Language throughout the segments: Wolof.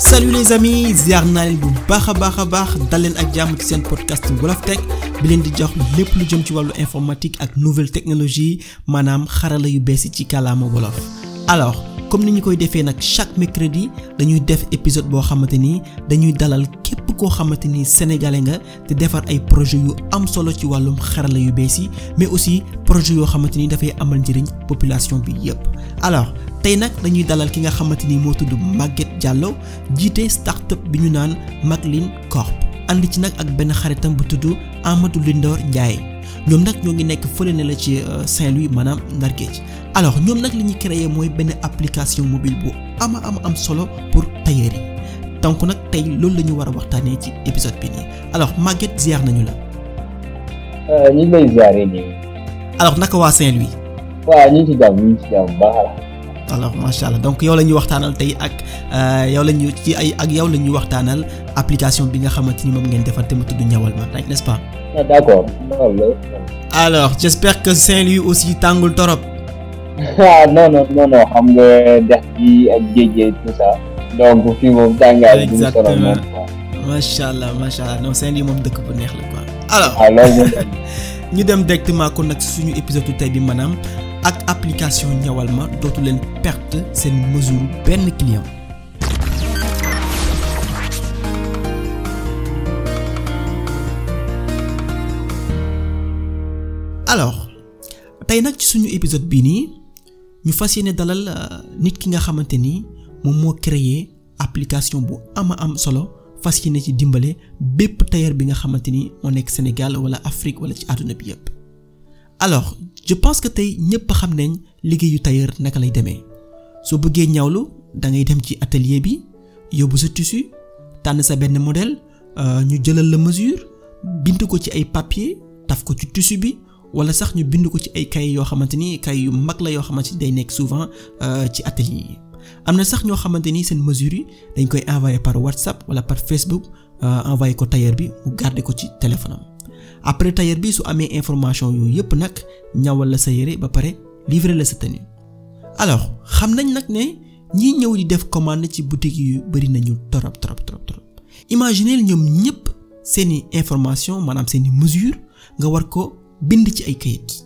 salut les amis ziar bu baax a baax a baax dal leen ak jàmm ci seen podcast Wolof Tech bi leen di jox lépp lu jëm ci wàllu informatique ak nouvelle technologie maanaam xarala yu bees yi ci kalaama wolof alors comme ni ñu koy defee nag chaque mercredi dañuy def épisode boo xamante ni dañuy dalal képp koo xamante ni sénégalais nga te defar ay projet yu am solo ci wàllum xarala yu bees yi mais aussi projet yoo xamante ni dafay amal njëriñ population bi yépp alors tey nag lañuy dalal ki nga xamante ni moo tudd màgget jàlloo jiite start-up bi ñu naan Maclean Corp ànd ci nag ak benn xaritam bu tudd Amadou Lindor Ndiaye ñoom nag ñoo ngi nekk fële ne la ci euh, Saint-Louis maanaam Ndar Géej alors ñoom nag li ñu créé mooy benn application mobile bu ama ama am solo pour tailleur yi donc nag tey loolu la ñu war a waxtaanee ci épisode bi nii alors màgget ziar nañu la. Euh, ñu ngi lay allah macha allah donc yow la ñuy waxtaanal tey ak euh, yow la ñu ci ay ak yow la ñuy waxtaanal application bi nga xamante ni moom ngeen defar te mu tudd ñawal ma n'est-ce pas. ah d'accord. alors aussi tàngul torop. Ah, xam nga dex géej gi tout ça. donc fii moom tàngaay bi mu macha allah macha allah non Saint-Louis moom dëkk bu neex la quoi. Ah, ñu dem directement kon nag suñu épisode tey bi maanaam. ak application ñawal ma dootu leen perte seen mesure benn client. alors tey nag ci suñu épisode bii nii ñu fas yéene dalal euh, nit ki nga xamante ni moom moo créer application bu ama am solo fas yéene ci dimbale bépp tailleur bi nga xamante ni moo nekk Sénégal wala Afrique wala ci àdduna bi yëpp. alors je pense que tey ñëpp xam nañ liggéeyu tailleur naka lay demee soo bëggee ñawlu dangay dem ci atelier bi yóbbu sa tissu tànn sa benn modèle euh, ñu jëlal la mesure bind ko ci ay papier taf ko ci tissu bi wala sax ñu bind ko ci ay kay yoo xamante ni kay yu mag la yoo xamante ni day nekk souvent euh, ci atelier yi am na sax ñoo xamante ni seen mesure yi dañ koy envoyé par WhatsApp wala par Facebook euh, envoyé ko tailleur bi mu garder ko ci téléphone après tailleur bi su amee information yooyu yëpp nag ñawal la sa yére ba pare livrer la sa tenue alors xam nañ nag ne ñi ñëw di def commande ci boutique yu bari nañu torop torop torop torop imaginez ñoom ñëpp seeni information maanaam seeni mesure nga war ko bind ci ay kayit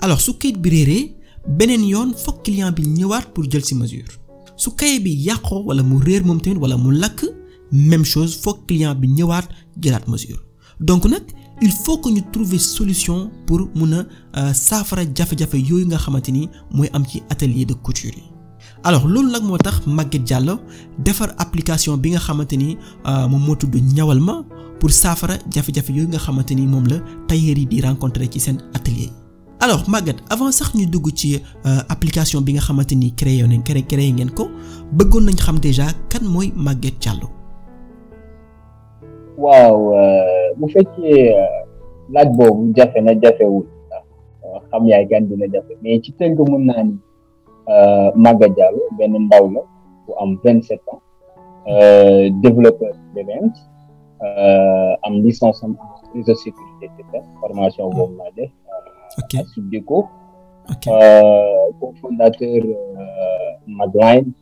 alors su kayit bi réeree beneen yoon foog client bi ñëwaat pour jël si mesure su kayit bi yàqoo wala mu réer moom tamit wala mu lakk même chose foog client bi ñëwaat jëlaat mesure donc nag il faut que ñu trouver solution pour mun a euh, saafara jafe-jafe yooyu nga xamante ni mooy am ci atelier de couture yi. alors loolu nag moo tax Maguette Diallo defar application bi nga xamante ni euh, moom moo ñawal ma pour saafara jafe-jafe yooyu nga xamante ni moom la tailleur yi di rencontrer ci seen atelier yi. alors Maguette avant sax ñu dugg ci euh, application bi nga xamante ni créé nañ créé créé ngeen ko bëggoon nañu xam déjà kan mooy Maguette Diallo. bu fekk euh, laaj boobu jafe na jafewul ndax euh, xam yaay gan dina jafe mais ci tënk mën naa ni euh, Maga Diallo benn ndaw la bu am vingt sept ans développeur DBMS am licence am réseau sécurité formation boobu laa def à Subdeco cofondateur Magline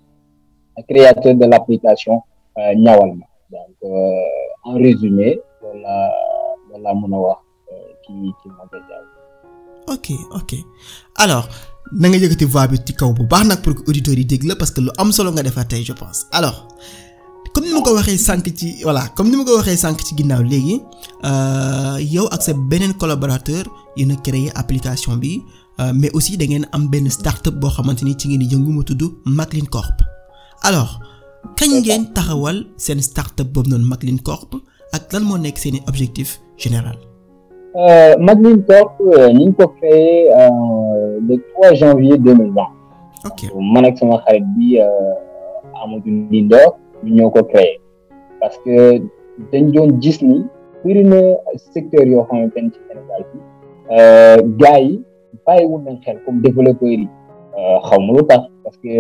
créateur de l'application ñawal ma donc en résumé loolu laa loolu mën a wax euh, ci ci Maguette Diaw. ok ok alors na nga yëkkati voix bi ci kaw bu baax nag pour que auditeurs yi dégg la parce que lu am solo nga defar tey je pense alors. comme ni ma ko waxee sànq ci voilà comme ni ma ko waxee sànq ci ginnaaw léegi euh, yow ak sa beneen collaborateur yéen a créé application bi euh, mais aussi da ngeen am benn start boo xamante ni ci ngeen di yëngu mu tudd Maclean Corp alors kañ ngeen taxawal seen start-up boobu noonu Maclean Corp ak lan moo nekk seeni objectif général. Euh, Maglin Corp euh, ñu ko créé euh, le 3 janvier 2020. ok man ak sama xarit bi Amadou Ndindor ñu ko créé parce que dañ doon gis ni bëri secteur yoo xamante ne ci Sénégal bi gars yi bàyyiwul nañ xel comme développeurs yi xaw lu parce que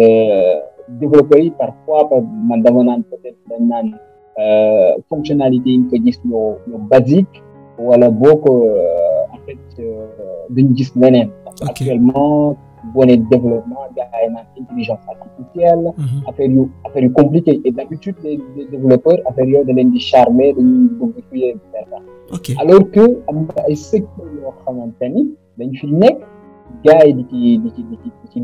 développeurs yi parfois man dama peut-être dañ Euh, fonctionnalité yi ñu ko gis yoo yoo basique wala boo ko euh, en fait euh, duñ gis meneen actuellement boo nee développement gars yi naan intelligence artificielle. Mhm. affaire compliqué et d'habitude les les développeurs affaire yooyu da leen di charmer dañuy bëgg fuyee yoo xamante ni dañ fi nekk. gars yi di ci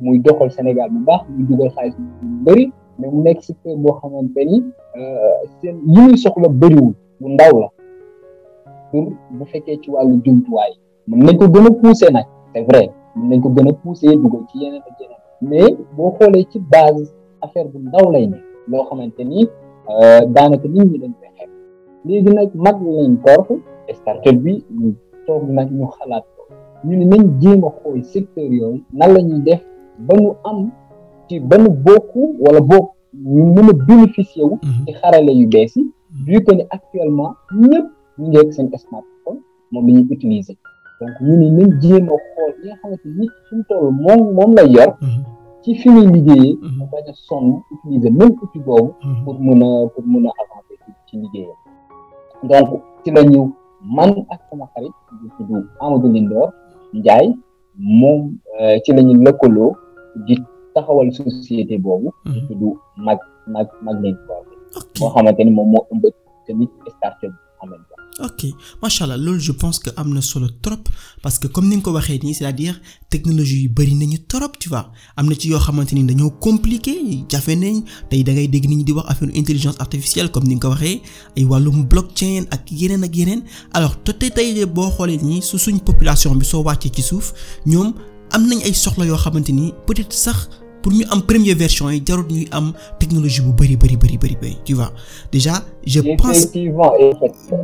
muy doxal Sénégal bu baax muy dugal xaalis bu bëri mais mu nekk secteur boo xamante ni euh, seen yi muy soxla bëriwul bu ndaw la pour bu fekkee ci wàllu jumtuwaay mën nañ ko gën a pousser nag c'est nañ ko gën a pousser dugal ci yeneen mais boo xoolee ci base affaire bu ndaw lay ne loo xamante ni euh, daanaka nit ñi dañ koy xeeb léegi nag mag lañ korf startup bi ñu toog nag ñu xalaat ko ñu ne nañ jéem a xool secteur yooyu nan la ñuy def ba ñu am ci ba nu bokk wala bokk ñu mën a bénéficier wu. Mhm. ci xarale yu bees yi. Mhm. vu que ni actuellement ñëpp ñu ngi ak seen smartphone moom la ñuy ñu ne nañ yor. Mhm. ci fi muy liggéeyee. mu bañ a sonn utiliser même outil boobu. pour mun a pour mun a avancer ci liggéeyam. donc ci la ñu man ak sama xarit di tudd Amadou moom euh, ci la ñu di. taxawal société boobu. ñu mhm. tudd mag mag mag leen ok boo xamante moom moo ëmb tamit start-up pense que am na solo trop parce que comme ni nga ko waxee nii c'est-à-dire technologie yu bari nañu trop tu vois am na ci yoo xamante ni dañoo compliqué jafe nañ tey da ngay dégg nit ñu di wax affaire intelligence artificielle comme ni nga ko waxee ay wàllum blockchain ak yeneen ak yeneen alors te tey boo xoolee nii su suñ population bi soo wàccee ci suuf ñoom am nañ ay soxla yoo xamante ni sax. pour ñu am premier version yi jarut ñuy am technologie bu bari bari bari bari bari tu vois déjà je pense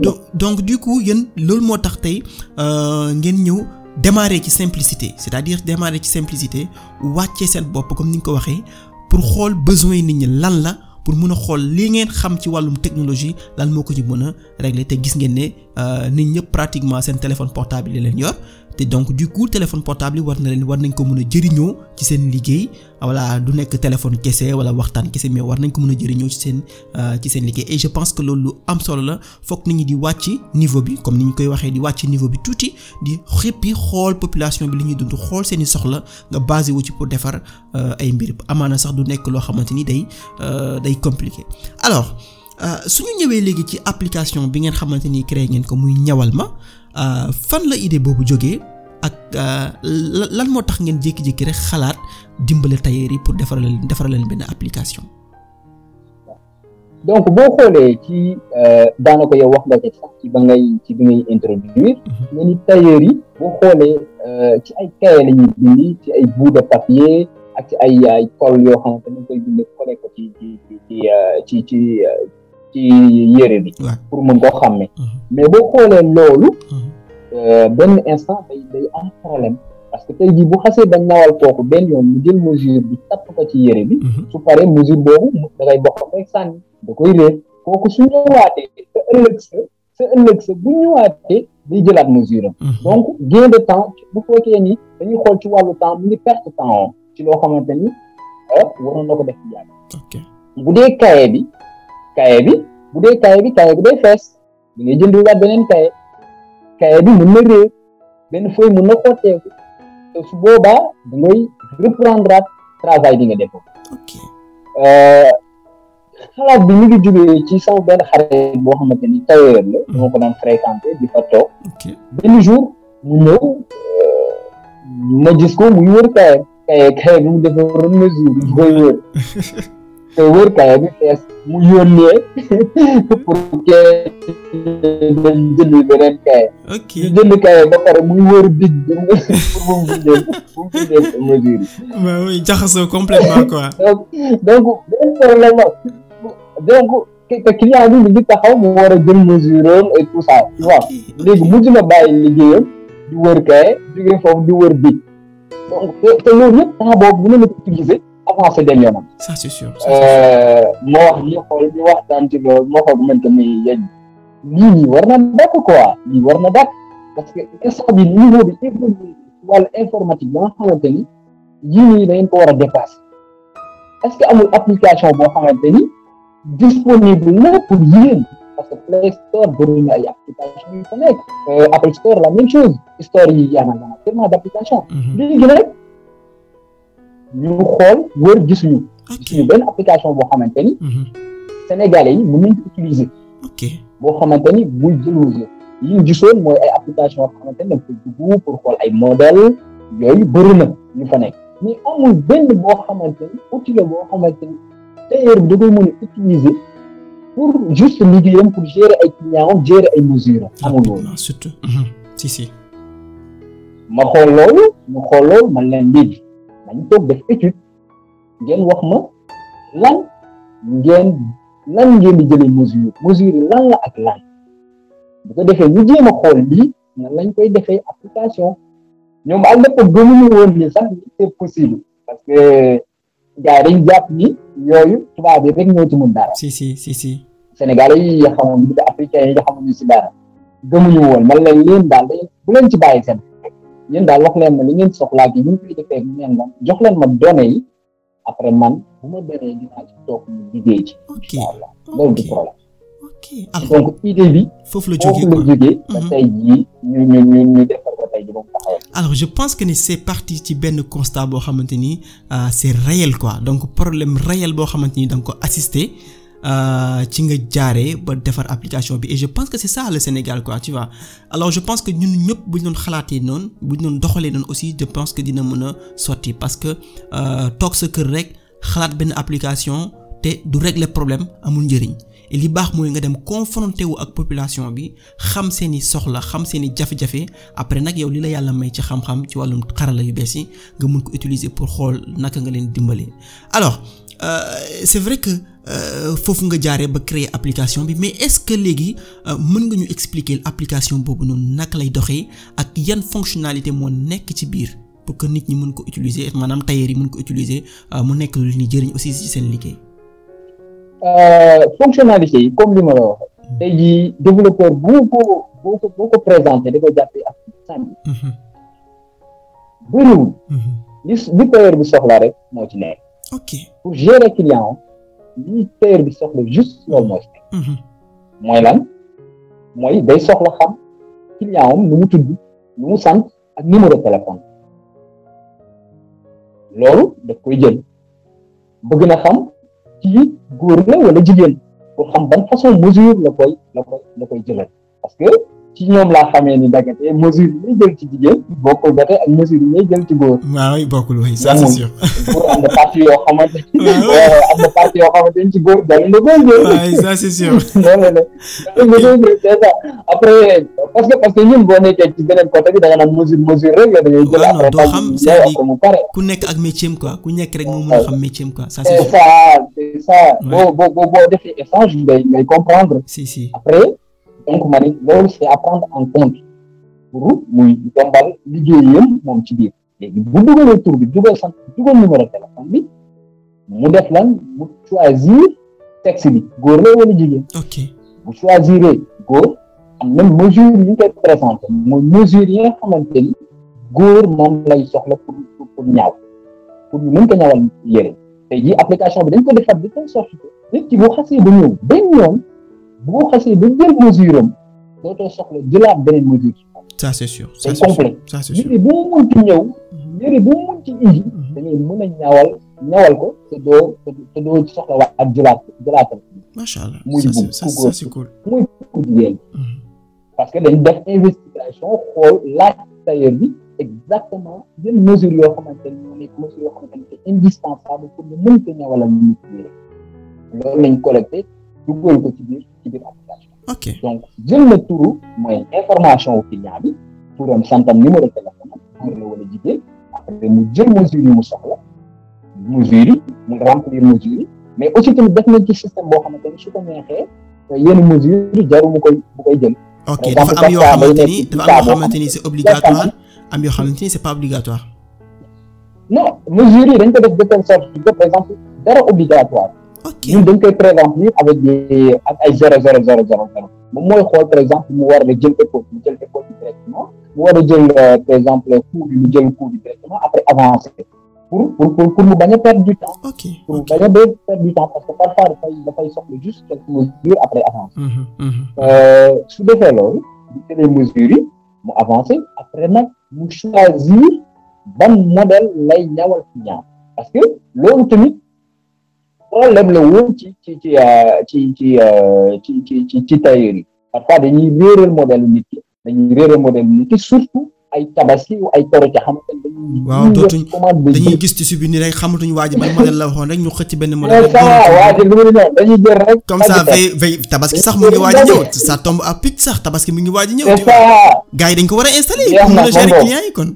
donc, donc du coup yéen loolu moo tax tey euh, ngeen ñëw démarrer ci simplicité c'est-à-dire démarrer ci simplicité wàccee seen bopp comme ni nga ko waxee pour xool besoin nit ñi lan la pour mun a xool li ngeen xam ci wàllum technologie lan moo ko ci mën a régler te gis ngeen ne euh, nit ñëpp pratiquement seen téléphone portable yi leen yor te donc du coup téléphone portable yi war na leen war nañ ko mën a jëriñoo ci seen liggéey voilà du nekk téléphone kese wala waxtaan kese mais war nañ ko mën a jëriñoo ci seen euh, ci seen liggéey et je pense que loolu lu am solo la foog nit ñu di wàcc niveau bi comme ni ñu koy waxee di wàcc niveau bi tuuti di xëppi xool population bi li ñuy dund xool seeni soxla nga basé wu ci pour defar euh, ay mbir amaana sax du nekk loo xamante ni day euh, day compliqué alors su ñëwee léegi ci application bi ngeen xamante ni créé ngeen ko muy ñawal ma. Euh, fan la idée boobu jógee ak euh, lan moo tax ngeen jékki-jékki rek xalaat dimbale tailleur yi pour defaral leen defaral leen benn application. donc boo xoolee ci euh, daanaka yow wax nga ko sax ci ba ngay ci bi ngay introduire. Mhm. nga ni tailleur yi boo xoolee ci ay cahier la ñuy ci ay bout de papier ak ci ay yaay colle yoo xamante ne dañ koy bindee collé ko ci ci ci. ci yére bi pour mën koo xàmmee mhm. mais boo xoolee loolu mhm. euh, benn instant day day am problème parce que tey jii bu xasee ba nawal kooku benn yoon mu jël mesure bi tapp ko ci yére bi mhm. su paree mesure boobu da ngay bokk koy koy réer kooku su ñëwaatee sa ëllëg sa sa ëllëg sa bu ñëwaatee day jëlaat mesure am donc gain de temps bu fekkee ni dañuy xool ci wàllu temps mu ngi perte temps ci loo xamante ni ah, waroon na ko def yàgg bu dee kaye bi kaye bi bu dee kaye bi kaye bi day fees da ngay jënd waat beneen kaye kaye bi mën na réer benn feuille mën na xotteeku te su boobaa da ngay reprendre at bi nga defoon. ok euh, bi ñu ngi jógee ci sama benn xarit boo xamante ni tailleur la. moo mm. ko daan fréquenté di fa toog. benn jour mu ñëw na euh, gis ko muy wër kaye kaye bi mu defoon mesure bi koy wër. wërkaay bi fees mu yónnee pour que dañ jënd beneen kaay. ok ñu jënd ba pare muy wër dig pour mu jël mu jël jaxasoo complètement quoi. donc mu ngi taxaw mu war a jël mesure am et tout ça tu vois bàyyi liggéeyam di wër kaay di wër dig te loolu yëpp temps bu ne la utiliser. avancé dem yoonam. ça c'est sûr eh, moo wax ñu xool ñu waxtaan ci loolu moo xool man tamit lii nii war na dakk quoi lii war na dakk parce que instant bi niveau bi évolué wàllu informatique ba nga xamante ni yii nii da ngeen ko war a dépassé est que amul application boo xamante ni disponible na pour yéen parce que Play Store bëri na ay application yu fa nekk euh, Apple Store la même chose Store yi yaa na tellement d'application mm-hmm. léegi nag ñu xool wër gisuñu. gisuñu benn application boo xamante ni. Mhm. Sénégalais yi mën nañ ko utiliser. boo xamante ni buy jëloon ñu gisoon mooy ay application yoo xamante ni da nga koy dugg pour bëri na ñu fa nekk. mais amul benn boo xamante ni outil boo xamante ni tailleur bi da koy mën a utiliser pour juste liggéeyam pour gérer ay clients gérer ay mesures amul loolu. surtout mhm. si si. ma xool loolu ñu xool loolu man dañ toog def étude ngeen wax ma lan ngeen lan ngeen di jëlee mesure mesure yi lan la ak lan bu ko defee ñu jéem a xool lii nan lañ koy defee application ñoom ak lépp gëmuñu woon ni sax c'est possible parce que gars yi dañ jàpp ni yooyu tubaab yi rek ñoo ci mën dara. si si si si. Sénégalais yi nga xamoon bi yi nga xamoon ñu si dara gëmuñu woon man leen leen daal bu leen ci bàyyi seen. ñun daal wax leen ma li ngeen soxlaa gi ñun koy defee ngeen neen jox leen ma données yi après man bu ma données dinaa ci toog ñu liggéey bi foofu la jógee foofu la mhm. ñu ñu ñu ñu defar ko tey mu taxawal je pense que ni c'est parti ci benn constat boo xamante ni euh, c'est réel quoi donc problème réel boo xamante ni da nga ko assister Euh, ci nga jaaree ba defar application bi et je pense que c'est ça le Sénégal quoi tu vois je pense que ñun ñëpp bu ñu doon xalaatee noonu bu ñu doon doxalee noonu aussi je pense que dina mën a sotti parce que euh, toog sa kër rek xalaat benn application te du régler problème amul njëriñ li baax mooy nga dem confronté wu ak population bi xam seeni soxla xam seeni jafe-jafe après nag yow li la yàlla may ci xam-xam ci wàllum xarala yu bees yi nga mun ko utiliser pour xool naka nga leen dimbali Euh, foofu nga jaaree ba créer application bi mais est-ce que léegi euh, mën nga ñu expliquer application boobu noonu naka lay doxee ak yan fonctionnalité moo nekk ci biir pour que nit ñi mën ko utiliser maanaam tailleur yi mën ko utiliser euh, mu nekk lu ñuy jëriñ aussi ci seen liggéey. fonctionnalité yi comme li ma la waxee. tey jii développeur ko boo ko boo ko présenté da ko jàppee ak sànni. Mhm. bëriwul. Mhm. li li tailleur bi soxla rek moo ci nekk. ok pour gérer client. li père bi soxla juste loolu mooy mhm. mooy mooy day soxla xam client am nu mu tudd nu mu sant ak numéro téléphone loolu daf koy jël bëgg na xam ci góor la wala jigéen pour xam ban façon mesure la koy la koy la koy jëlal parce ci ñoom laa xamee ni dagatee mesure yi may jël ci jigéen bokkul ba tey ak mesure yi may jël ci góor. waaw yi bokkul oui ça c'est euh, ci góor dañu la koy jël. waaw ça c'est sûr. après parce que parce que ñun boo nekkee ci beneen côté bi da nga naan mesure mesure rek la da ngay jël. Ah, après doo xam c'est ko mu pare. ku nekk ak métier am ku nekk rek moo mën xam métier am quoi. ça c'est sûr c'est ça c'est ça boo boo boo defee échange ngay ngay après. donc ma ne loolu c'est à prendre en compte pour muy yombal liggéeyam moom ci biir léegi bu dugalee tur bi dugal sant dugal numéro téléphone bi mu def lan mu choisir sexe bi góor la wala jigéen. bu choisire góor am na mesure yi ñu koy présenté mooy mesure yi nga xamante ni góor moom lay soxla pour pour ñaaw pour ñu mën ko ñawal yére tey jii application bi dañ ko defar di telle sorte que bu xasee ba ñëw boo xasee ba jël mesure am dootoo soxla jëlaat beneen mesure. ça c'est sûr ça c'est sûr ça c'est sûr bu bu mu munti da mën a ñawal ko te doo te doo soxla waat ak jëlaat mm-hmm. parce que dañ def investigation bi exactement yenn mesure yoo xamante ne moo nekk mesure yoo loolu lañ collecté. duggal ko ci biir ci biir application. ok donc jël na turu mooy information wu client bi turam santam numéro téléphone am mu jël mesure yi mu soxla mesure yi mu remplir mesure mais aussi tamit def nañ ci système boo xamante su ko neexee yenn mesure yi mu koy jël. ok dafa am yoo xamante ni dafa am yoo xamante c'est pas obligatoire. non mesure dañ ko def de telle dara obligatoire. ok ñun dañ koy prévenir avec des ay zéro zéro zéro zéro zéro moom mooy xool par exemple mu war a jël école mu jël école bi directement mu war a jël euh, par exemple cours bi mu jël cours bi après avancer pour pour pour pour mu bañ a perdre du temps. ok pour bañ a perdre du temps parce que parfois dafay dafay soxla juste quelques mesures après avancer. Mhm, mhm. Euh, su defee loolu bu jëlee mesures yi mu avancé après na mu choisir ban modèle lay ñawal ci ñaar parce que loolu tamit. problème la woon ci ci ci euh, ci euh, ci ci ci ci tailleur yi parfois dañuy réeral modèle nit ki dañuy réeral modèle nit ki surtout ay tabaski ay toro ca xam nga waaw dootuñ dañuy gis ci subi nii rek waa ji ban modèle la waxoon rek ñu xëcc benn modèle dañuy jël rek comme ça vey vey tabaski sax mu ngi waaj a ñëw ça tombe à pic sax tabaski mu ngi waaj a ñëw gars yi dañ ko war a installer pour mën a gérer client kon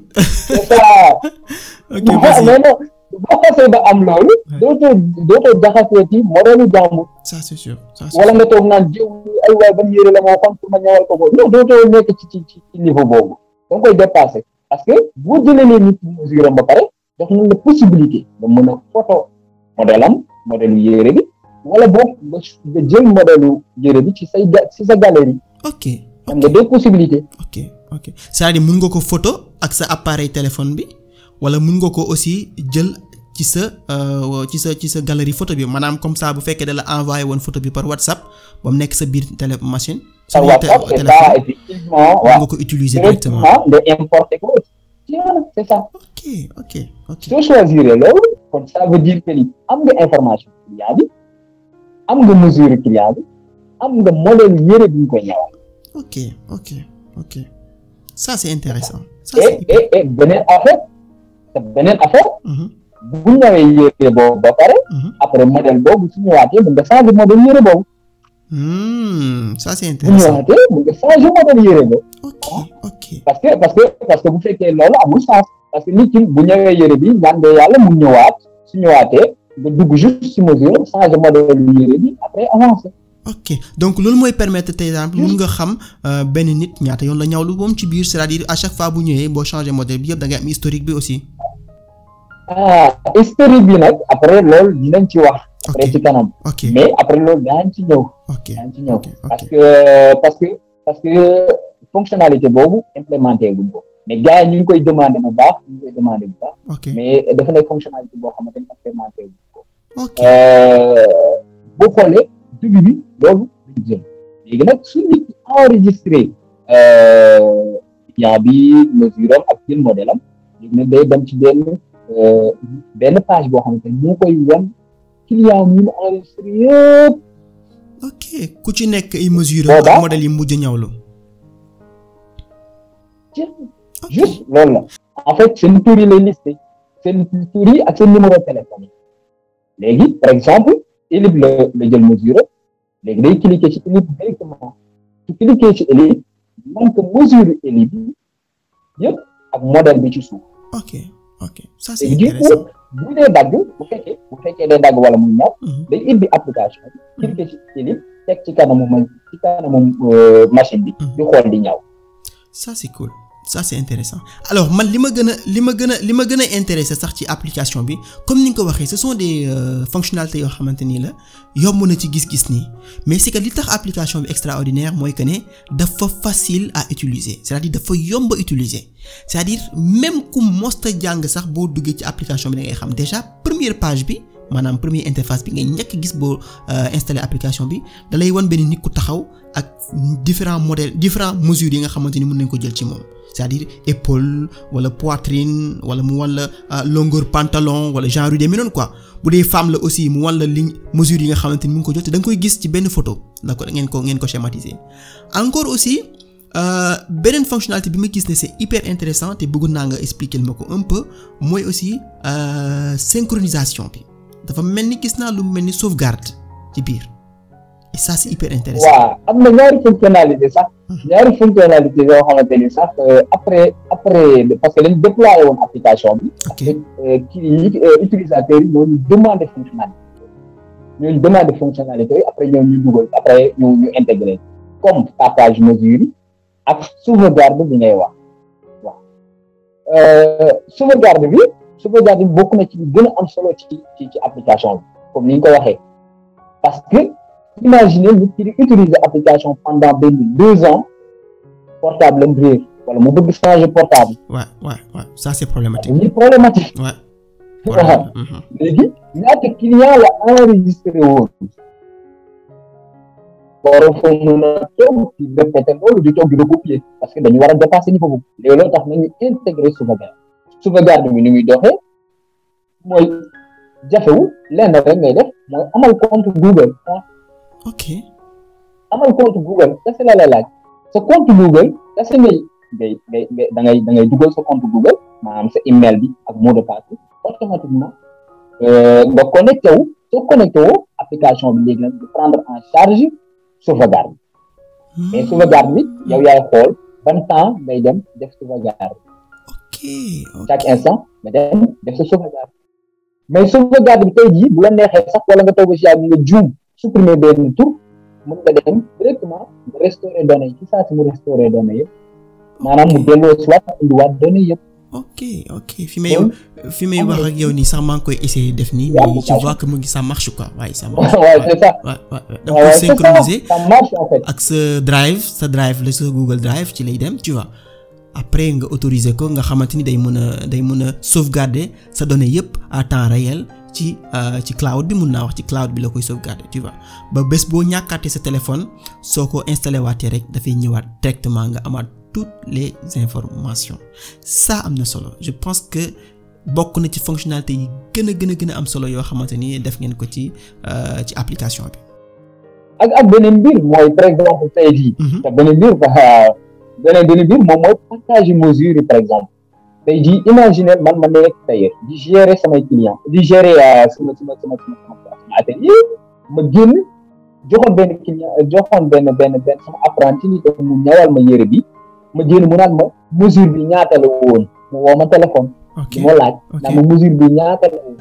boo am loolu. dootoo dootoo jaxaseeti moroomu jàmbur. ça c'est wala nga toog naan jiw ay waay yére la moo ci ci ci niveau boobu nga parce que boo jëlee nit ba pare jox nañ la possibilité nga mën a photo modèle am modèle bi wala boog nga jël modèle yére bi ci say ci sa galerie. ok nga deux possibilités. ok ok cest à nga ko photo ak sa appareil téléphone bi. wala mun nga ko aussi jël ci sa euh, ci sa ci sa galerie photo bi maanaam comme ça bu fekkee da la envoyé woon photo bi par WhatsApp ba mu nekk sa biir télé machine. sa WhatsApp c'est ça effectivement waaw nga ko utiliser directement nga importer ko. c'est ça. ok ok ok. soo choisir loolu. kon ça veut dire que ni am nga information client bi am nga mesure client bi am nga modèle yére bi ñu koy ñawal. ok ok ok ça c'est intéressant. ça c'est et et beneen affaire. te beneen affaire. Mm-hmm. bu ñëwee yére boobu ba pare. Mm-hmm. après modèle boobu su ñëwaatee mun nga changer modèle yére boobu. Hmm, ça c'est intéressant bu ñëwaatee mun nga ok ok parce que parce que parce que bu fekkee loolu abu sens parce que nit ki bu ñëwee yére bi ñaan yàlla mu ñëwaat su ñëwaatee nga dugg juste si mesure changer modèle bi après avancer. ok donc loolu mooy permettre par exemple mun nga xam euh, benn nit ñaata yoon la ñawlu moom ci biir c'est-à-dire bu ñëwee boo changé modèle bi yëpp da ngay am historique bi aussi. ah historique bi nag après loolu dinañ ci wax. après ci kanam. mais après loolu daañu ci ñëw. ok daañu ci ñëw parce que parce que parce que fonctionnalité boobu implémenté guñ ko mais gars ñu ngi koy demandé bu baax ñu ngi koy demandé bu baax. mais dafa nekk fonctionnalité boo xamante ni loolu lañ euh, bi mesure am ak jël euh, boo xamante ne moo ci nekk ay mesure am ak modèle yi mujj ñawlu. juste loolu la en fait seen tur lay listé seen tur ak seen numéro téléphone léegi par exemple élib la la jël mesure léegi day cliquer ci élite directement su cliquer ci élite donc mesure élite bi yëpp ak modèle bi ci suuf. ok ok ça c'est intéressant bu dagg bu fekkee bu fekkee day dagg wala muy ñaar. Mhm. day ibbi application bi. Mhm. ci élite teg ci kanamu ma euh, machine bi. Mhm. di xool di ñaw. ça c'est cool. ça c'est intéressant alors man li ma gën a li ma gën a li ma gën a intéressé sax ci application bi comme ni nga ko waxee ce sont des euh, yoo xamante ni la yomb na ci gis-gis nii mais c'est que li tax application bi extraordinaire mooy que ne dafa facile à utiliser c'est-à-dire dafa yomb a utiliser c'est-à-dire même ku mosta jàng sax boo duggee ci application bi da ngay xam déjà première page bi maanaam première interface bi ngay njëkk gis boo euh, installer application bi da lay benn nit ku taxaw ak différents modèles différents mesures yi nga xamante ni mën nañ ko jël ci moom c'est-à-dire épaule wala poitrine wala mu wan la euh, longueur pantalon wala genre yu demee noonu quoi bu dee femme la aussi mu wan la ligne mesure yi nga xamante ni mu ngi ko jot da nga koy gis ci benn photo la ko ngeen ko ngeen ko schématiser. encore aussi euh, beneen fonctionnalité bi ma gis ne c'est hyper intéressant te bëggoon naa nga expliquer ma ko un peu mooy aussi euh, synchronisation bi dafa mel ni gis naa lu mel ni sauvegarde ci biir. et ça c'est hyper intéressant na ñaari fonctionnalité sax ñaari ah. fonctionnalité yoo xamante ni sax eh, après après parce que dañu déployé woon application bi kii eh, eh, utilisateur yi ñoo ñu demandé fonctionnalité ñooñu demandé fonctionnalité yi après ñoom ñu dugal après ñu ñu intégré comme partage mesure yi ak sauvegarde bi ngay wax waaw sauvegarde bi sauvegarde bi bokk na ci lu am solo ci ci ci application bi comme ni ñu ko waxee parce que imaginez nit ki di utiliser application pendant benn deux ans portable am réer wala mu bëgg changer portable. waaw waaw waaw ça c'est problématique. c'est problématique. waaw waaw. Mhm. léegi ñaata client la enregistré woon. borom foo mën a toog di répéter loolu di toog di recopier parce que dañu war a dépasser niveau boobu. loolu tax nañu intégrer sauvegarde sauvegarde bi ni muy doxee mooy jafewul lenn rek ngay def mooy amal compte Google. ok amal compte Google kese la lay laaj sa compte Google kese ngay ngay ngay ngay ngay sa compte Google maanaam sa email bi ak mot de passe bi automatiquement euh, nga connecté wu soo connecté woo application bi léegi nag di prendre en charge sauvegarde hmm. mais sauvegarde bi yow sa sauvegarde mais sauvegarde bi tey jii bu la neexee sax wala nga toog ba si yàgg nga juum supprimer benn tur mën nga dem directement restaurer données yi ci saa si mu restaurer données yëpp maanaam mu delloo si fi may fi may wax ak yow nii sax maa ngi koy essayer nii mu ngi ça marche quoi waaye ça marche. ak sa drive sa drive la sa Google Drive ci lay dem tu vois. après nga autoriser ko nga xamante ni day mën a day mën a sauvegarder sa données yëpp à temps réel. ci euh, ci cloud bi mun naa wax ci cloud bi la koy sauvegarder tu vois ba bés boo ñàkkaatee sa téléphone soo ko installé waatee rek dafay ñëwaat directement nga amaat toutes les informations ça am na solo je pense que bokk na ci fonctionnalité yi gën a gën a gën a am solo yoo xamante ni def ngeen ko ci euh, ci application bi. ak ak beneen mbir mooy par exemple tey jii. te mhm. moom mooy partage mesure par exemple. tey jii imaginer man ma nekk tailleur di gérer samay client di gérer euh, sama sama sama sama atelier ma génn joxoon benn client euh, joxoon benn benn benn sama apprenti ni ko mu ñawal ma yére bi ma génn mu naan ma mesure bi ñaata la woon mu woo ma téléphone. ok ma laaj. ok ma mesure bi ñaata la woon.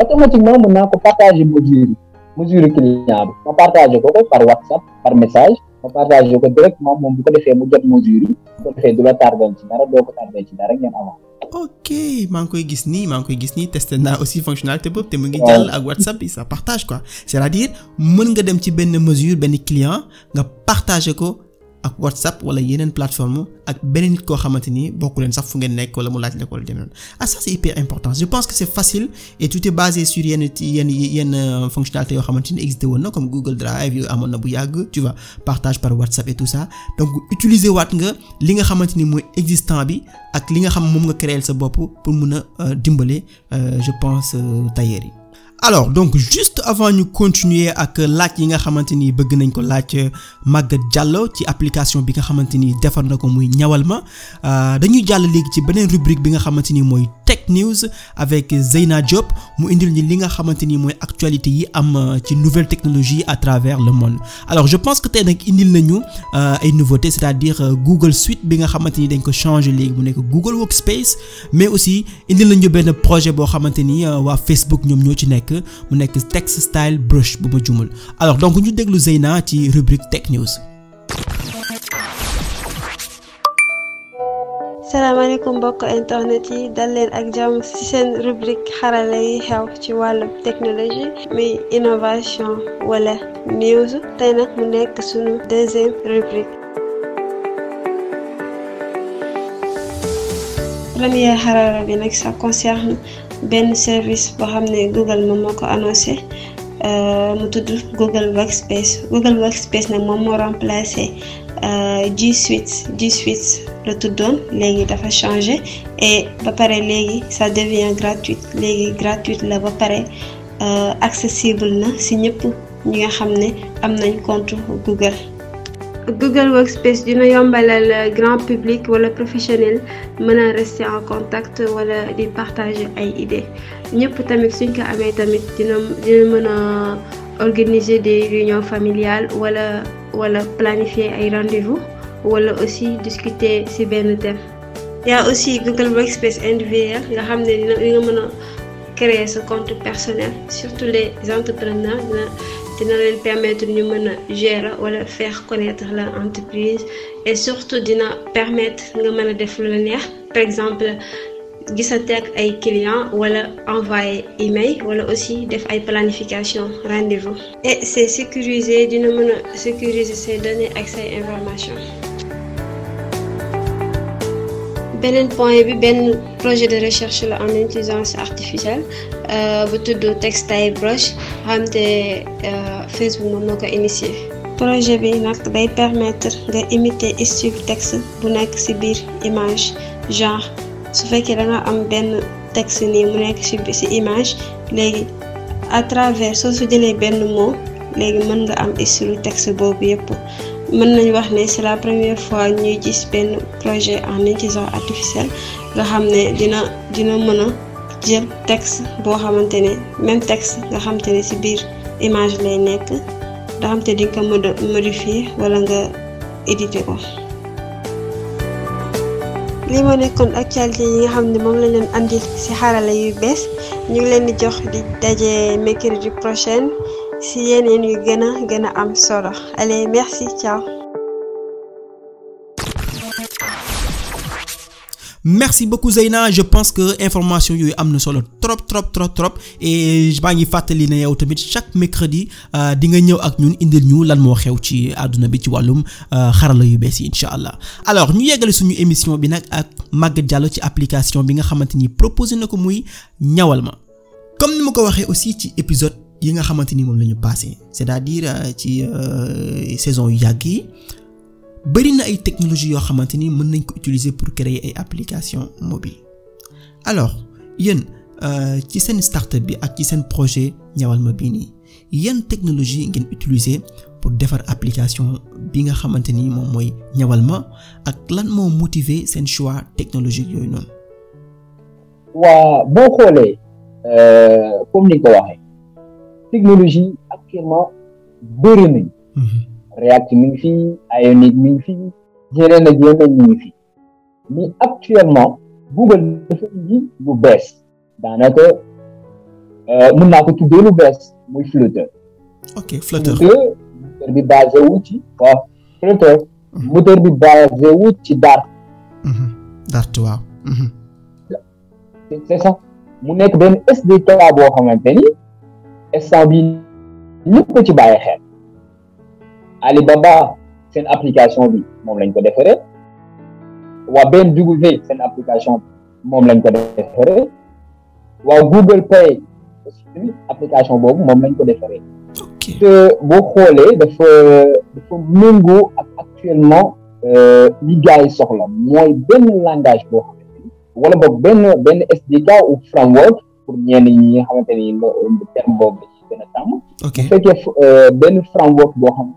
automatiquement mën naa ko partager mesure bi. mesure client bi ma partagé ko ko par WhatsApp par message ma partagé ko directement moom bu ko defee mu jot mesure yi bu ko defee du la tardé ci dara doo ko tardé ci dara ngeen avant ok maa ngi koy gis nii maa ngi koy gis nii testé naa aussi fonctionnalité boobu te mu ngi jàll ak WhatsApp bi ça partage quoi c'est-à-dire mën nga dem ci benn mesure benn client nga partagé ko ak whatsapp wala yeneen plateforme ak beneen nit koo xamante ni bokku leen sax fu ngeen nekk wala mu laaj la ko wala demee ah ça c'est hyper important je pense que c'est facile et tout est sur yenn yenn yenn euh, fonctionnalités yoo xamante ni existé woon na comme Google Drive yu amoon na bu yàgg par et tout ça waat nga li nga xamante ni mooy existant bi ak li nga xam moom nga créer sa bopp pour mun a euh, dimbale euh, je pense tailleur yi alors donc juste avant ñu continuer ak laaj yi nga xamante ni bëgg nañ ko laaj euh, Maguette Diallo ci application bi nga xamante ni defar na ko muy ñawal ma euh, dañuy jàll léegi ci beneen rubrique bi nga xamante ni mooy Tech News avec Zeyna Diop mu indil ñi li nga xamante ni mooy actualité yi am euh, ci nouvelle technologie à travers le monde alors je pense que tey nag indil nañu ay nouveautés c'est-à-dire Google Suite bi nga xamante ni dañ ko changer léegi mu nekk Google Workspace mais aussi indi nañu benn projet boo xamante ni waa Facebook ñoom ñoo ci nekk. nekk mu nekk text style brush bu ma jumul ñu déglu Zeyna ci rubrique tech mbokk internet yi dal leen ak jàmm ci seen rubrique xarala yi xew ci wàllum technologie muy innovation wala news tey nag mu nekk sunu deuxième rubrique. première xarala bi nag ça concerne benn service boo xam ne Google moom moo ko annoncé euh, mu tudd Google Workspace Google Workspace nag moom moo remplacé euh, G Suite G Suite la tuddoon léegi dafa changé e ba pare léegi sa devient gratuit léegi gratuit la ba pare euh, accessible na si ñëpp ñi nga xam ne am nañ compte Google. Google Workspace dina yombalal euh, grand public wala professionnel mën a rester en contact wala di partager ay idées ñëpp tamit suñ ko amee tamit dina dina mën a organiser des réunions familiales wala wala planifier ay rendez wala aussi discuter ci benn thème. y a aussi Google Workspace individuel nga xam ne dina nga mën a créer sa compte personnel surtout les entrepreneurs dina. dina leen permettre ñu mën a gérer wala faire connaître la entreprise et surtout dina permettre nga mën a def lu la neex par exemple gisante ak ay clients wala envoyer email wala aussi def ay planification rendez-vous et c'est sécurisé dina mën a sécuriser say données ak say information beneen point bi benn projet de recherche la en intelligence artificielle Euh, bu tudd textile brush xam te euh, Facebook moom moo ko initié. projet bi nag day permettre nga imiter style texte bu nekk ci biir image genre su fekkee da am benn texte ni mu nekk ci ci image léegi à travers soo su jëlee benn moo léegi mën nga am style texte boobu yépp mën nañu wax ne c'est la première fois ñuy gis benn projet en intelligence artificielle nga xam ne dina dina mën a. jël texte boo xamante ne même texte nga xamante ne ci biir image lay nekk nga xamante ne di nga modifier wala nga éditer ko. lii moo nekkoon actualité yi nga xam ne moom la leen andi ci xarala yu bees ñu ngi leen di jox di daje mercredi prochain ci yeneen yu gën a gën a am solo allez merci ciao. merci beaucoup Zeyna je pense que information yooyu am na solo trop trop trop trop et maa ngi fàttali na yow tamit chaque mercredi euh, di nga ñëw ak ñun indi ñu lan moo xew ci àdduna bi ci wàllum euh, xarala yu bees yi incha allah alors ñu yeggale suñu émission bi nag ak Maguette jàll ci application bi nga xamante ni proposé na ko muy ñawal ma comme ni ma ko waxee aussi ci épisode yi nga xamante ni moom la ñu passé cest à diir euh, ci saison yu yàgg yi bëri na ay technologie yoo xamante ni mën nañ ko utiliser pour créer ay applications mobiles alors yéen euh, ci seen startup bi ak ci seen projet ñawal ma bii nii yan technologie ngeen utiliser pour defar application bi nga xamante ni moom mooy ñawal ma ak lan moo motiver seen choix technologie yooyu noonu. waa boo xoolee euh, comme ni nga waxee technologie actuellement bëri nañ. Mhm. React mi fi Ionic mi ngi fi yeneen ak yeneen ñu ngi fi mais actuellement Google dafa lu bees daanaka euh, mun naa ko tuddee bees muy Flutter. ok Flutter moteur bi basé ci waaw Flutter. Mhm. moteur bi basé ci Dart. Mhm. Dart waaw. Mhm. mu nekk benn SDK boo xamante ni instant bi ñëpp ci bàyyi xel. Alibaba seen application bi moom lañ ko defaree waa BMW seen application bi moom lañ ko defaree waa Google Pay application boobu moom lañ ko defaree. boo xoolee dafa dafa méngoo ak actuellement euh, li gars yi soxla mooy benn langage boo xamante ni wala boog benn benn SDK ou pour ñenn ñi nga xamante ni euh, benn framework boo xam.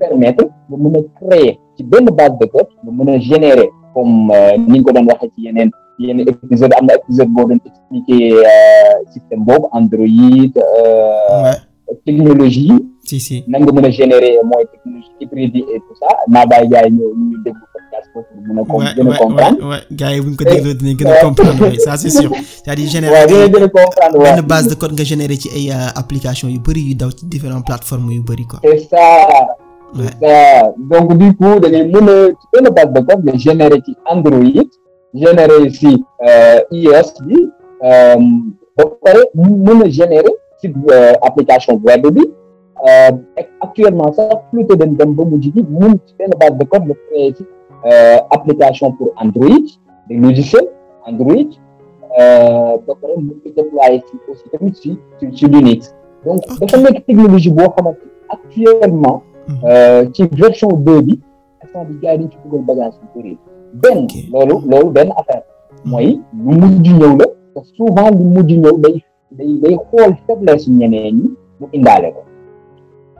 permettre mu mën a créer ci benn base de code mu mën a générer comme euh, ni ñu ko doon waxee ci yeneen yenn épisode am boo doon expliquer euh, système boobu Android euh, si nan nga mën a générer mooy technologie hybride et tout ça naa bàyyi gars yi ñëw ñu déglu podcast pour a. waaw comprendre waaw yi bu ñu ko dégloo dinañ gën a comprendre oui ça c'est sûr. cest à générer waaw a comprendre benn base de code nga générer ci ay application yu bëri yu daw ci différentes plateformes yu bëri quoi. ça donc du coup da ngay mën a ci benn base de code nga générer ci Android générer ci euh, iOS bi euh, ba pare mën ci euh, application web bi actuellement sa plutôt dañ dem ba mujj gi mën ci benn base de code nga créer ci application pour Android des logiciels Android ba pare mën ko ci technologie boo actuellement Mhm. Euh, ci version 2 bi instant bi ci dugal bagage yu bëri benn loolu loolu benn affaire mhm. mooy lu mujj ñëw la te souvent lu mujj ñëw day day day xool faiblesse ñeneen ñi ko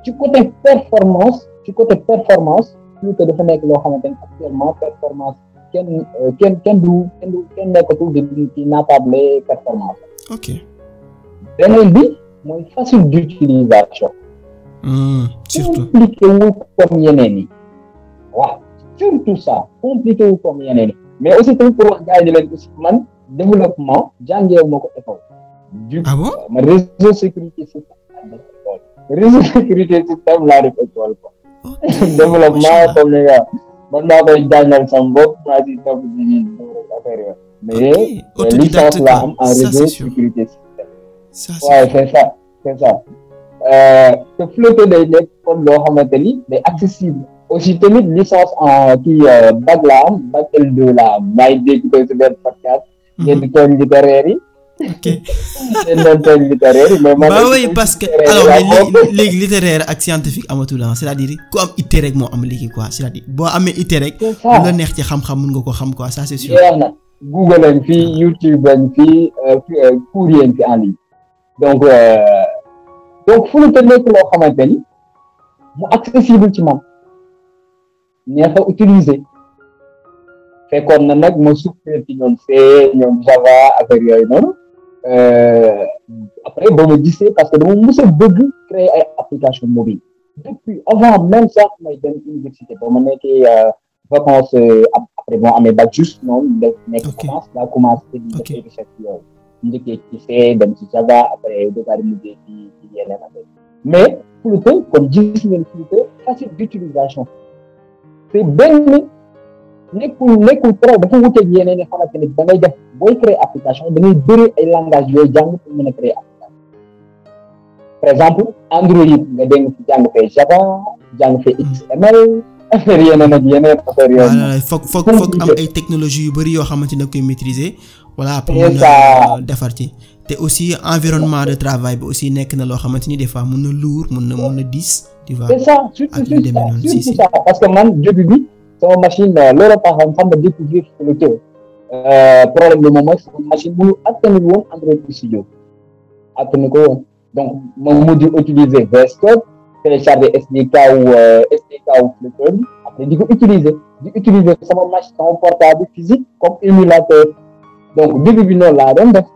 ci côté performance ci côté performance plutôt dafa nekk loo xamante ne actuellement performance kenn euh, kenn kenn du kenn du kenn nekkatul di ci naatable performance ok beneen bi mooy facile d'utilisation surtout compliqué wu comme yeneen yi surtout ça compliqué wu comme yeneen mais aussi tamit pour wax gars man développement jàngeewu ma ko école. du ah ma réseau sécurité système réseau sécurité système laa def école développement comme koy jàngal sama bopp maa di topp am en réseau sécurité système. ça c'est ça c'est ça. Euh, te flotter day loo xamante ni mais accessible aussi tamit licence en kii euh, la am bac L2 la am maay dégg koy si mhm. ba oui parce que alors léegi littéraire ak scientifique amatul ah c'est-à-dire ku am itte rek moo am léegi quoi c'est-à-dire boo amee itte rek. lu la neex ci xam-xam mun nga ko xam quoi ça c'est sûr. na Google fi ah. YouTube lañ fi euh, cours fi en donc. donc Fouta nekk loo xamante ni mu accessible ci man neex a utiliser fekkoon na nag ma sukkee ci ñoom C ñoom Java affaire yooyu noonu euh, après ba ma gisee parce que dama mës a bëgg créer ay application mobile depuis avant même sax may dem université ba ma nekkee euh, vacances euh, après bon amee bac juste noonu def nekk France daa commencé di def recherche après dëgg yàlla mujjee ci. mais Pluto comme gis ngeen Pluto facile d'utilisation te benn nekkul nekkul trop dafa wuteeg yeneen yi xamante ne da ngay def booy créer application da ngay bëri ay langage yooyu jàng pour mën a créer application par exemple Android nga dégg jàng fee Java jàng fee XML affaire yeneen am ay technologie yu bëri yoo xamante ne koy maîtriser voilà pour mën defar ci te aussi environnement de travail bi aussi nekk na loo xamante ni des fois mun na lourd mun na mun na diis. tu vois ak parce que man début bi sama machine euh, loolu taxoon xam nga découvrir le taux euh, problème bi moom mooy machine mënu attanul woon Android Studio attanu ko woon donc moom mujj utiliser VS Code télécharger SDK wu euh, SDK wu Flickr di ko utiliser di utiliser sama machine sama portable physique comme émulateur donc début bi noonu laa doon def.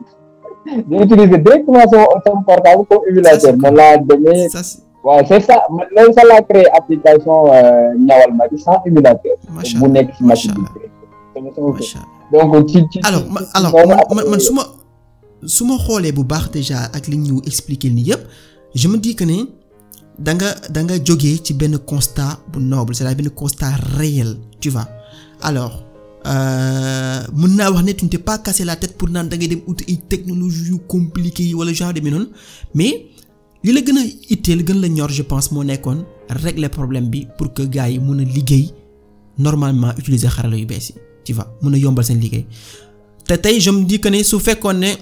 j'ai utilisé directement sama sama portable comme émulateur man ma bu nekk ci machine man alors man su ma su ma xoolee bu baax déjà ak li ñu expliqué nii yépp je ma dis que ne da nga da nga ci benn constat bu noble c' est à benn constat réel tu vois Euh, mën naa wax ne tu ne t'es la tête pour naan da ngay dem uti ay technologie yu compliquées yi wala genre demee noonu mais li la gën a itteel gën la ñor je pense moo nekkoon régler problème bi pour que gars yi mun a liggéey normalement utiliser xarala yu bees yi ci fa mun a yombal seen liggéey te tey je di dis ne su fekkoon ne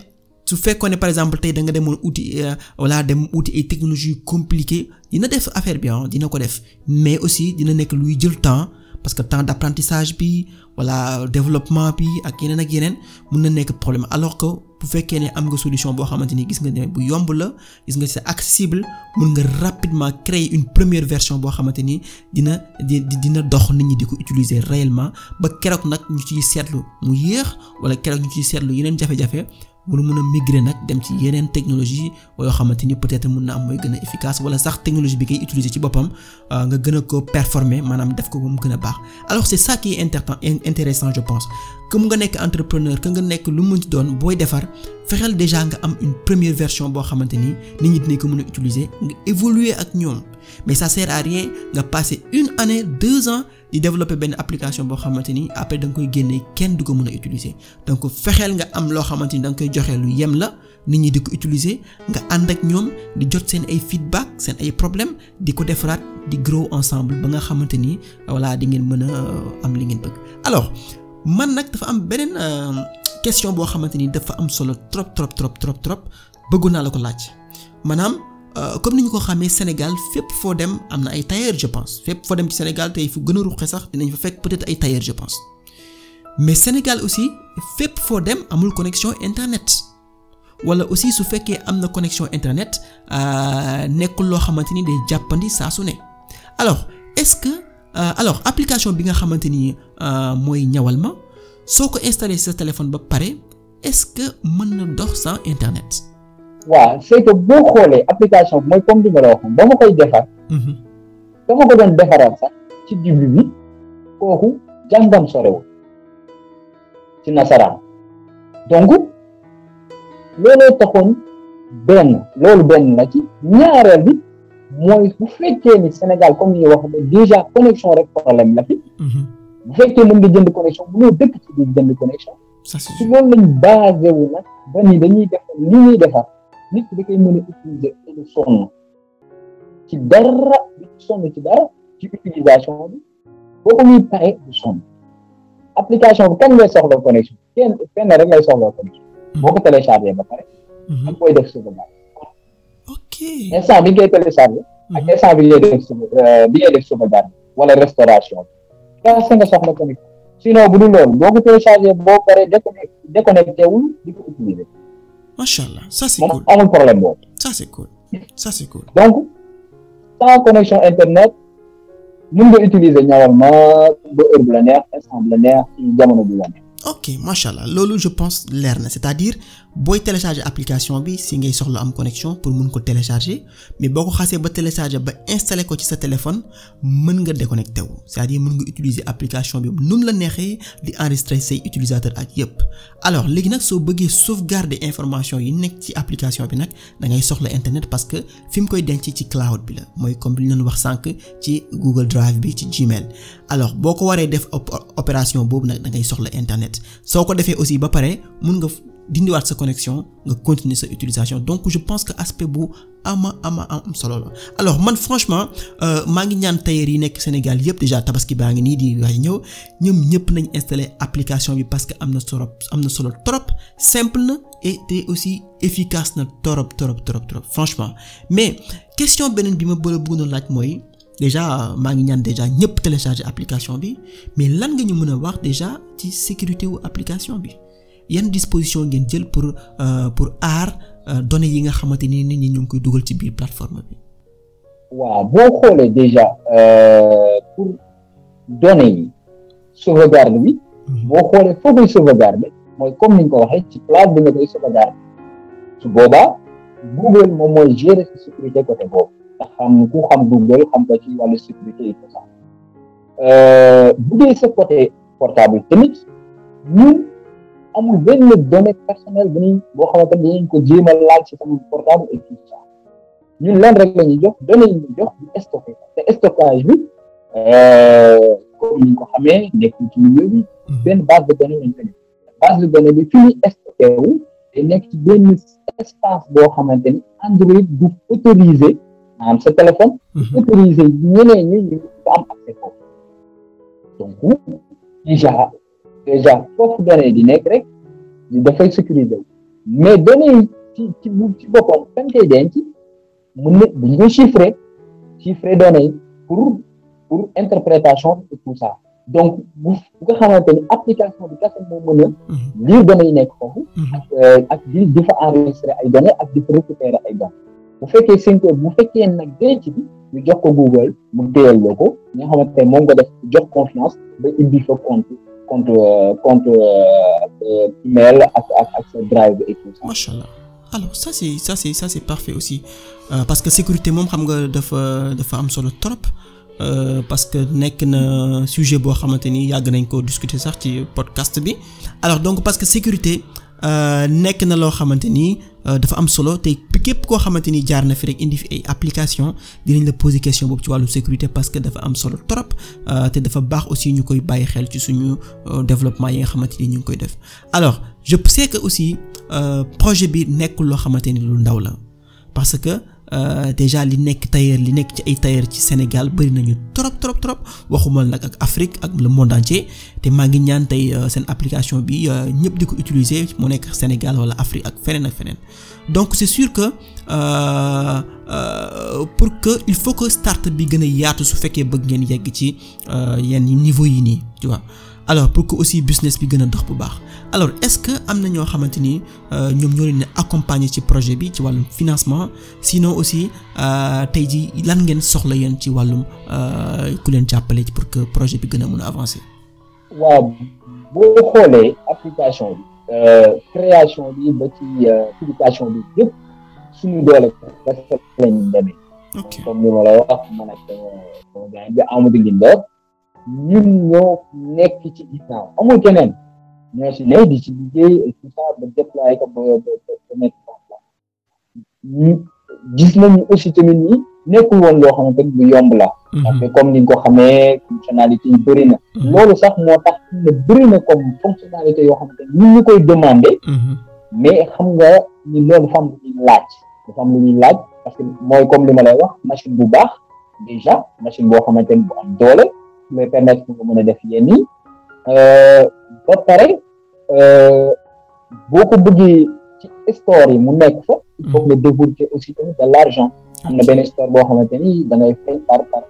su fekkoon ne par exemple tey da nga demoon uti euh, wala dem uti ay technologie yu compliquées dina def affaire bi dina ko def mais aussi dina nekk luy jël temps. parce que temps d'apprentissage bi wala développement bi ak yeneen ak yeneen mun na nekk problème alors que bu fekkee ne am nga solution boo xamante ni gis nga ne bu yomb la gis nga c'est accessible mun nga rapidement créer une première version boo xamante ni dina di dina dox nit ñi di ko utiliser réellement ba keroog nag ñu ciy seetlu mu yéex wala keroog ñu ciy seetlu yeneen jafe-jafe munu mën a migrer nag dem ci yeneen technologie yoo xamante ni peut-être mun na am mooy gën a efficace wala sax technologie bi ngay utiliser ci boppam euh, nga gën a ko performer maanaam def ko ba mu gën a baax alors c'est ça qui est intéressant je pense que mu nga nekk entrepreneur que nga nekk lu mun ci doon booy defar fexeel déjà nga am une première version boo xamante ni nit ñi dina ko mën a utiliser nga évoluer ak ñoom. mais ça sert à rien nga passer une année deux ans di développer benn application boo xamante ni après da koy génnee kenn du ko mën a danga ko fexeel nga am loo xamante ni danga koy joxe lu yem la nit ñi di ko utiliser nga ànd ak ñoom di jot seen ay feedback seen ay problème di ko defaraat di grow ensemble ba nga xamante ni voilà di ngeen mën a euh, am li ngeen bëgg alors man nag dafa am beneen euh, question boo xamante ni dafa am solo trop trop trop trop trop bëggu naa la ko laaj Euh, comme ni ñu ko xamee Sénégal fépp foo dem am na ay tailleur je pense fépp foo dem ci Sénégal tey fu gën a ruqe sax dinañ fa fekk peut-être ay tailleur je pense mais Sénégal aussi fépp foo dem amul connexion internet wala aussi su fekkee am na connexion internet euh, nekkul loo xamante ni day jàppandi saa su ne alors est-ce que euh, alors application bi nga xamante ni mooy ñawal ma soo ko installé sa téléphone ba pare est-ce que mën na dox sans internet. waaw c'est que boo xoolee application bi mooy comme li ma la waxoon ba ma koy defar. dama mhm. ko doon defaraat sax ci début bi kooku jàngam sorewul ci nasaraan donc looloo taxoon benn loolu benn na ci ñaareel bi mooy bu fekkee ni Sénégal comme ni wax déjà connexion rek problème la fi. Mhm. bu fekkee mën nga jënd connexion mënoo dëkk ci biir jënd connexion. ça c'est sûr loolu lañ basé wu nag ba ni dañuy def li ñuy defar. nit ki da koy mën a utiliser lu sonn ci dara du sonn ci dara ci utilisation bi boo ko muy pare du sonn application bi kan ngay soxla connexion hmm. boo ko téléchargé ba pare hmm. ak koy def sauvegarde ok instant bi ngay téléchargé ak hmm. instant bi ngay def euh, bi ngay def wala restauration bi kase nga soxla connexion sinon bu dul loolu boo ko téléchargé boo pare déconnecté déconnecté wul di ko utiliser macha allah ça c'est problème boobu. ça c'est cool ça c'est cool. donc sans connexion internet mën nga utiliser ñaawal ma ba heure bu la neex instant bu la neex jamono bu la neex. ok macha allah loolu je pense leer na c'est-à-dire booy télécharger application bi si ngay soxla am connexion pour mun ko télécharger mais boo ko xasee ba télécharger ba installer ko ci sa téléphone mën nga déconnecté wu c'est-à-dire mën nga utiliser application bi nu mu la neexee di enregistrer say utilisateur ak yépp alors léegi nag soo bëggee sauvegarder information yi nekk ci application bi nag da ngay soxla internet parce que fi mu koy denc ci cloud bi la mooy comme li ñu doon sànq ci Google Drive bi ci Gmail alors boo ko waree def opération boobu nag da ngay soxla internet soo ko defee aussi ba pare dindiwaat sa connexion nga continuer sa utilisation donc je pense que aspect bu am ama am solo la alors man franchement euh, maa ngi ñaan tailleur yi nekk Sénégal yëpp déjà tabaski baa ngi nii di waay ñëw ñoom ñëpp nañ installer application bi parce que am na solo am na solo trop simple na et aussi efficace na trop trop trop trop franchement mais question beneen bi ma bëla bëggoon laaj mooy déjà maa ngi ñaan déjà ñëpp télécharger application bi mais lan nga ñu mën a wax déjà ci sécurité wu application bi yan disposition ngeen jël pour euh, pour aar euh, données yi nga xamante ni nit ñi ñu ngi koy dugal ci biir plateforme bi. waaw boo xoolee déjà euh, pour données yi sauvegarde bi. Mhm. boo xoolee foo koy sauvegarde mooy comme ni nga ko waxee ci cloud bi nga koy sauvegarde su boobaa Google moom mooy gérer sa sécurité côté boobu ndax xam ku xam Google xam ko ci wàllu sécurité yi ko bu dee sa portable tamit ñun. amul benn données personnelles bu ñuy boo xamante ni dinañ ko jéem a laaj si sama portable et tout ça ñun leen rek la jox données yi ñuy jox du stocké te stockage bi euh, comme ni ñu ko xamee nekkul ci milieu bi mhm. benn base de données lañ ko nekk base de données bi fi ñuy wu te nekk ci benn espace boo xamante ni Android du autorisé maanaam sa téléphone mhm. autorisé ñeneen ñi ñu am accès foofu donc déjà déjà foofu données di nekk rek dafay sécuriser wu mais données ci ci bu boppam fan koy denc mën na bu ñu ko chiffrer chiffrer données yi pour pour interprétation et tout ça donc bu nga xamante ni application bi kese moo mën a mhm. lire données nekk foofu mhm. euh, ak di di fa enregistrer ay données ak di fa récupérer ay données bu fekkee cinq bu fekkee nag denc bi ñu jox ko Google mu téyal la ko nga xamante ne moom nga def jox confiance ba indi fa compte compte compte euh, mail ak ak ak macha allah alors ça c'est ça c'est ça parfait aussi euh, parce que sécurité moom xam nga dafa dafa am solo trop. Euh, parce que nekk na sujet boo xamante ni yàgg nañ ko discuter sax ci podcast bi alors donc parce que sécurité Euh, nekk na loo xamante ni euh, dafa am solo te képp koo xamante ni jaar na fi rek indi fi ay application dinañ la poser question boobu ci wàllu sécurité parce que dafa am solo trop euh, te dafa baax aussi ñu koy bàyyi xel ci suñu développement yi nga xamante ni ñu ngi koy def alors je sais que aussi projet bi nekkul loo xamante ni lu ndaw la Euh, déjà li nekk tailleur li nekk ci ay tailleur ci Sénégal bari nañu trop trop trop waxumal nag ak Afrique ak le monde entier te maa ngi ñaan tey euh, seen application bi euh, ñëpp di ko utiliser moo nekk Sénégal wala Afrique ak feneen ak feneen donc c'est sur que euh, pour que il faut que start bi gën a yaatu su fekkee bëgg ngeen yegg ci yenn niveau yi nii tu alors pour que aussi business bi gën a dox bu baax alors est-ce que am na ñoo xamante ni euh, ñoom ñoo leen ne accompagner ci projet bi ci wàllum financement sinon aussi euh, tey ji lan ngeen soxla yéen ci wàllum euh, ku leen jàppale pour que projet bi gën a mën a avancer. waaw boo xoolee application bi création bi ba ci publication bi yëpp suñu doole ñun ñoo nekk ci ginnaaw amul keneen di ci liggéey et aussi tamit ni nekkul woon loo xamante ni bu yomb la. Mhm. parce ni nga ko xamee fonctionnalité yi na. Mhm. loolu sax moo na bëri koy demandé. Mhm. mais xam nga ni loolu dafa am lu ñuy laaj dafa am lu ñuy laaj parce que mooy comme li ma lay wax machine bu baax déjà machine boo xamante ni bu am doole. lay permettre nga mën a def yenn yi euh, ba pare euh, boo ko bëggee ci store yi mu nekk fa il faut nga ci mm-hmm. aussi tamit de l'argent am na benn store boo xamante ni da ngay fay par par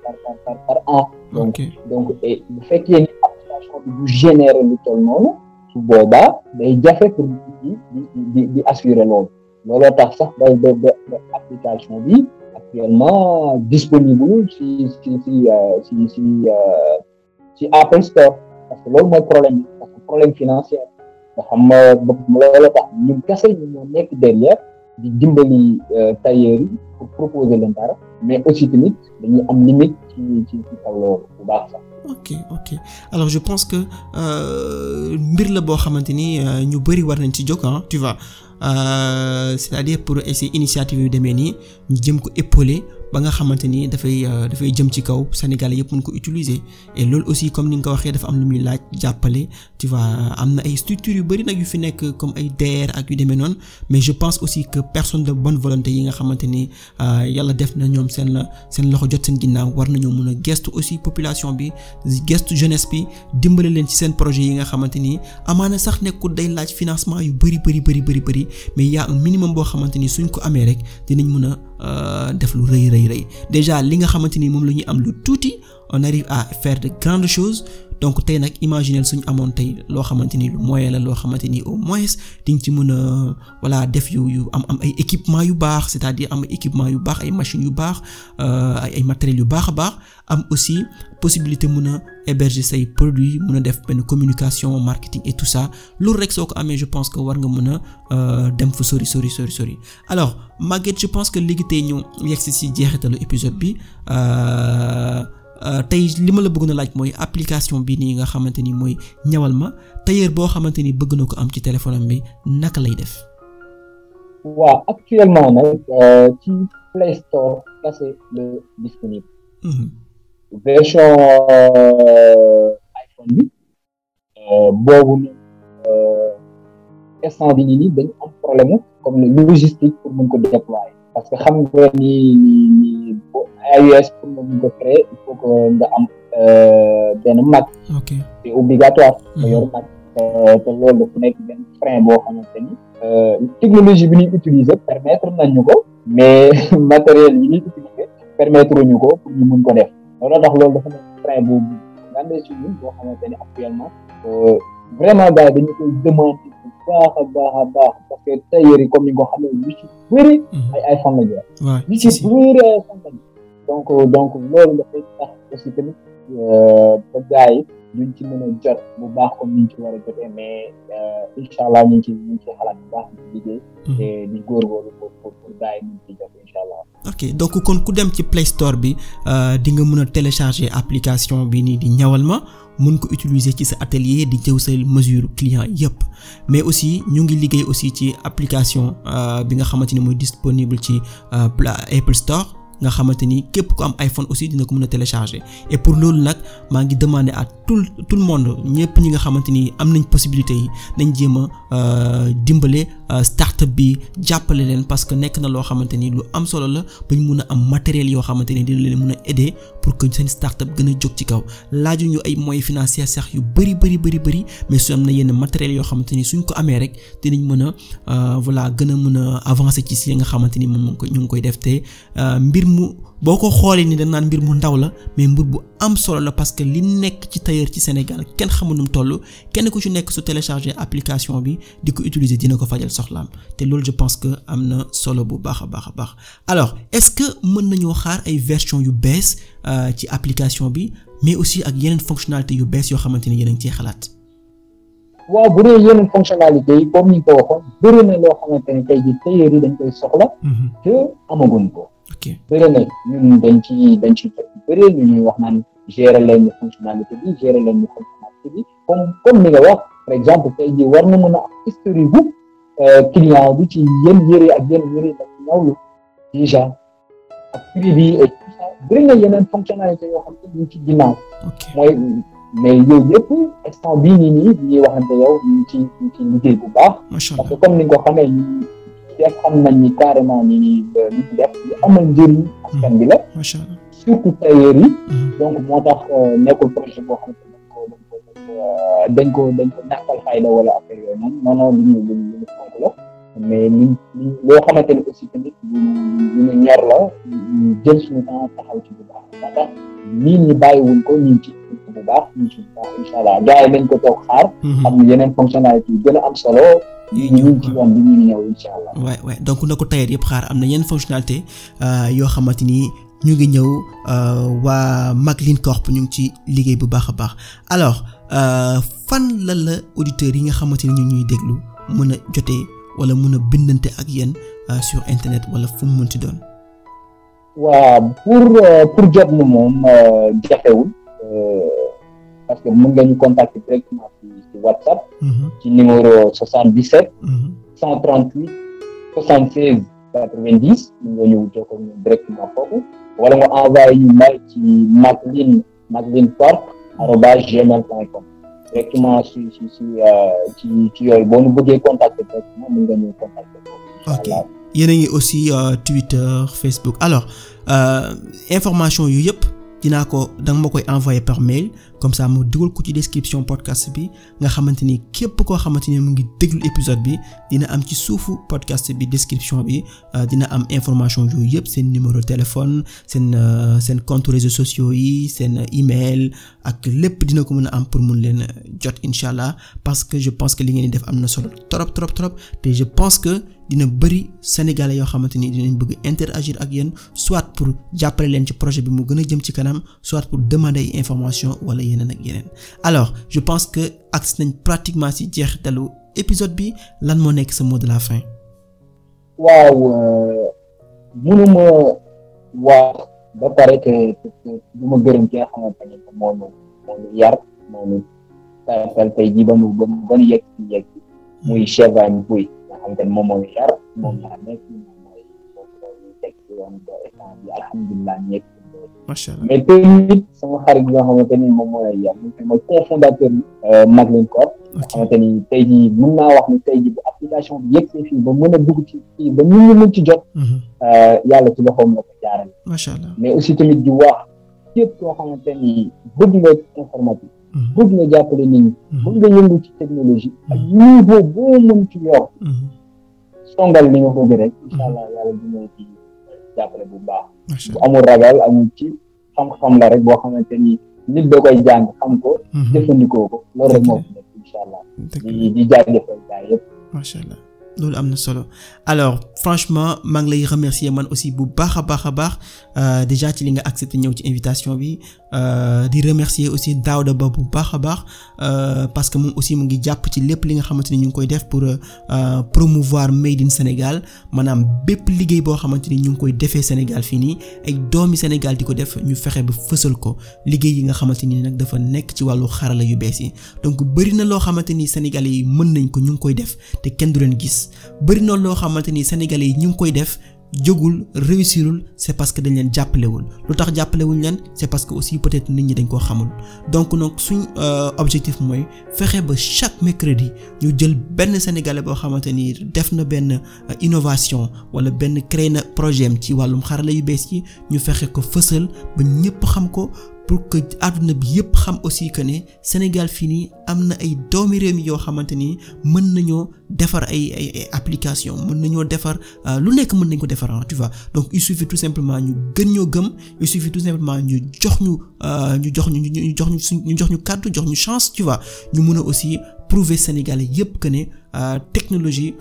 par par an donc donc bu fekkee ni application bi du généré lu toll noonu su boobaa day jafe pour di di di assurer loolu looloo tax sax ba ba application bi actuellement disponible ci ci ci euh, ci ci euh, ci Apple Store parce que loolu mooy problème parce que problème financier nga xam euh, loolu tax ñun kese ñu ñoo nekk derrière di dimbali tailleur yi pour proposer leen dara mais aussi tamit dañuy am limite ci ci ci kaw loolu baax sax. ok ok alors je pense que mbir la boo xamante ni ñu bëri war nañ ci jóg ah tu vois. Euh, cest à di pour essayer initiative yu demee nii ñu jëm ko épauler ba nga xamante ni dafay euh, dafay jëm ci kaw sénégal yëpp mën ko utiliser loolu aussi comme ni nga ko waxee dafa am lu muy laaj jàppale tu vois am na ay structures yu bari nag yu fi nekk comme ay DER ak yu demee noonu mais je pense aussi que personne de bon volonté yi nga xamante ni euh, yàlla def na ñoom seen seen loxo jot seen ginnaaw war nañoo mun a gestu aussi population bi gestu jeunesse bi dimbale leen ci seen projet yi nga xamante ni amaana sax nekkul day laaj financement yu bari bari bari bari bari mais y a un boo xamante ni suñ ko amee rek dinañ mën a euh, def lu rëy rëy rëy déjà li nga xamante ni moom la ñuy am lu tuuti on arrive à faire de grandes choses donc tey nag imaginer suñu amoon tey loo xamante ni lu moyen la loo xamante ni au moins di ñu ci mën a voilà def yu yu am am ay équipement yu baax c'est-à-dire am équipement yu baax ay machines yu baax euh, ay ay matériels yu baax a baax am aussi possibilité mun a héberger say produits mun a def benn communication marketing et tout ça loolu rek soo ko amee je pense que war nga mën a euh, dem fu sori sori sori sori alors Maguette je pense que léegi tey ñu yegg si si jeexitalu épisode bi. Euh, Euh, tey li ma la bëgg na laaj mooy application bi nii nga xamante ni mooy ñawal ma tailleur boo xamante ni bëgg na ko am ci téléphone am bi naka lay def. waaw actuellement nag euh, ci Play mhm. euh, bi boobu noonu instant bi nii nii dañu am problème comme logistique pour mën ko déployer parce que xam nga ni ni ni. AUS pour nga mun ko créer il faut que nga am euh, benn mat ok c'est obligatoire. Mhm. nga yor mag euh, te loolu dafa nekk benn frein boo xamante ni. Euh, technologie bi ñuy utiliser permettre nañu ko mais matériel yi ñuy utiliser permettre ñu ko pour ñu mun ko def loolu tax loolu dafa nekk frein bu grande ci ñun boo xamante ni actuellement vraiment gars dañu koy demander baax a baax a baax parce que tailleur comme ni nga xamee mhm. ñu bëri ay iPhone la ñu donc donc loolu dafay tax aussi tamit euh, ba gars yi duñ ci kon ku dem ci Play Store bi euh, di nga mën a télécharger application bi nii di ñawal ma mun ko utiliser ci sa atelier di jëw sa mesure client yépp mais aussi ñu ngi liggéey aussi ci application euh, bi nga xamante ni mooy disponible ci Apple Store. nga xamante ni képp ku am iPhone aussi dina ko mën a télécharger et pour loolu nag maa ngi demander à tout tout le monde ñëpp ñi nga xamante ni am nañ possibilité yi nañ jéem a euh, dimbale euh, startup bi jàppale leen parce que nekk na loo xamante ni lu am solo la ba ñu mun a am matériel yoo xamante ni dina leen mun a aider pour que seen startup gën a jóg ci kaw laaju ñu ay moyens financiers sax yu bëri bëri bëri bëri mais su am na yenn matériel yoo xamante ni suñ ko amee rek dinañ mën a euh, voilà gën a mën a avancer ci nga xamante ni moom ñu ngi koy def te mu boo ko xoolee ni dañ naan mbir mu ndaw la mais mbir bu am solo la parce que li nekk ci tailleur ci Sénégal kenn xamul nu toll kenn ku ci nekk su télécharger application bi di ko utiliser dina ko fajal soxlaam te loolu je pense que am na solo bu baax a baax a baax alors est-ce que mën nañoo xaar ay version yu bees euh, ci application bi mais aussi ak yeneen fonctionnalité yu bees yoo xamante ni yéen a ngi xalaat. waaw bu dee yeneen fonctionnalité yi comme ni nga ko waxoon na loo xamante ne tey jii tailleur yi dañ koy soxla mhm. te amaguñ ko bëri na ñun dañ ci dañ ci bëri lu ñuy wax naan gérer leen ñu fonctionnalité bi gérer leen ñu fonctionnalité bi comme comme ni nga wax par tey jii war na mën a am bu euh, client bi ci yenn ak yenn yëre la ñawlu déjà ak prix bi et na yeneen fonctionnalité yoo xam ne ñu ci ginnaaw mais yooyu yëpp instant bii nii nii ñuy waxante yow ñu ci ñu ngi ci liggéey bu baax. macha parce que comme ni nga ko xamee ñu def nañ ni carrément ni nii euh, li ci def lu amal bi la. Hmm. macha allah surtout yi. Hmm. donc moo tax euh, nekkul projet boo xam ne dañ ko dañ ko euh, dañ ko ñàkkal wala affaire yooyu noonu la mais ni loo xamante ni aussi tamit lu la ñu jël suñu taxaw ci bu baax moo tax nit ñi ko ñu ci. bu baax incha allah gars yi dañ ko toog xaar. Mhm. am yeneen fonctionnalité yu am solo. ñu ngi ci yoon bi ñu ñëw incha allah. waay waay donc na yëpp xaar am na yenn fonctionnalité euh, yoo xamante ni ñu ngi ñëw euh, waa Maclean Corp ñu ngi ci liggéey bu baax a baax alors euh, fan la la auditeurs yi nga xamante ni ñu ñuy déglu mën a jotee wala mën a bindante ak yéen sur internet wala fu mu mënti doon. waaw pour pour jot moom jafewul. parce que mën nga ñu contacter directement ci ci WhatsApp. Mhm. ci numéro 77. 138 76 90 mën nga ñëw jokkoo ñu directement foofu wala nga envoyé ñu mail ci maclean maclean corp arobase gmail point directement si si si ci yooyu boo ñu bëggee contacter directement mën nga ñëw contacter foofu. a ngi aussi euh, Twitter Facebook alors euh, information yu yëpp. dinaa ko danga ma koy envoyer par mail comme ça mu dugal ko ci description podcast bi nga xamante ni képp koo xamante ni mu ngi déglu épisode bi dina am ci suufu podcast bi description bi euh, dina am information yooyu yëpp seen numéro téléphone seen euh, seen compte réseaux sociaux yi seen email ak lépp dina ko mën a am pour mun leen jot incha allah parce que je pense que li ngeen di def am na solo trop trop trop te je pense que dina bëri sénégalais yoo xamante ni dinañ bëgg interagir ak yéen soit pour jàppale leen ci projet bi mu gën a jëm ci kanam soit pour demander information wala yeneen ak yeneen alors je pense que agsi nañ pratiquement si jeexitalu épisode bi lan moo nekk sa mot de la fin. waaw euh, mënuma wax ba pare que du ma gërëm ci nga xamante ne moo ñu moo ñu yar muy Cheikh Bagne xamante ne moom mooy xeer moom laa nekk moom mooy moom mooy teg ci yoon ba état bi alhamdulilah nekk macha allah mais tamit wax ni tey jii application bi yegg see ba mën a dugg ci fii ba ñun ñu mën jot. yàlla ci loxoom la ko jaarale. macha allah mais aussi tamit di wax képp koo xamante ni bëgg nga informatique. Mhm. bëgg nga jàppale nit ñi mhm. bëgg nga yëngu ci technologie mhm. ak niveau boo mën ci yor songal li nga bëgg rek incha allah yàlla dina ci jàppale bu baax bu amul ragal amul ci xam-xam la rek boo xamante ni nit da koy jàng xam ko jëfandikoo ko loolu rek macha allah loolu am na solo alors franchement maa ngi lay remercier man aussi bu baax a baax a baax euh, déjà ci li nga accepté ñëw ci invitation bi Euh, di remercier aussi Daouda Ba bu baax a baax euh, parce que moom aussi mu ngi jàpp ci lépp li nga xamante ni ñu ngi koy def pour euh, promouvoir made in Sénégal maanaam bépp liggéey boo xamante ni ñu ngi koy defee Sénégal fii nii ay doomi Sénégal di ko def ñu fexe ba fësal ko liggéey yi nga xamante ni nag dafa nekk ci wàllu xarala yu bees yi donc bëri na loo xamante ni Sénégalais yi mën nañ ko ñu ngi koy def te kenn du leen gis bëri na loo xamante ni sénégal yi ñu ngi koy def. jógul réussirul c'est parce que dañ leen jàppalewul lu tax jàppalewuñ leen c'est parce que aussi peut-être nit ñi dañ koo xamul donc donc suñ euh, objectif mooy fexe ba chaque mercredi ñu jël benn sénégalais boo xamante ni def na benn euh, innovation wala benn créé na projet ci wàllum xarala yu bees yi ñu fexe ko fësal ba ñëpp xam ko pour que àdduna bi yëpp xam aussi que ne Sénégal fii nii am na ay doomi réew mi yoo xamante ni mën nañoo defar ay ay application mën nañoo defar euh, lu nekk mën nañ ko defar ah tu vois donc il suffit tout simplement ñu gën ñoo gëm il suffit tout simplement ñu jox ñu euh, ñu jox ñu jox ñu suñ ñu jox ñu kàddu jox ñu chance tu vois ñu mën a aussi prouver Sénégalais yëpp que ne euh, technologie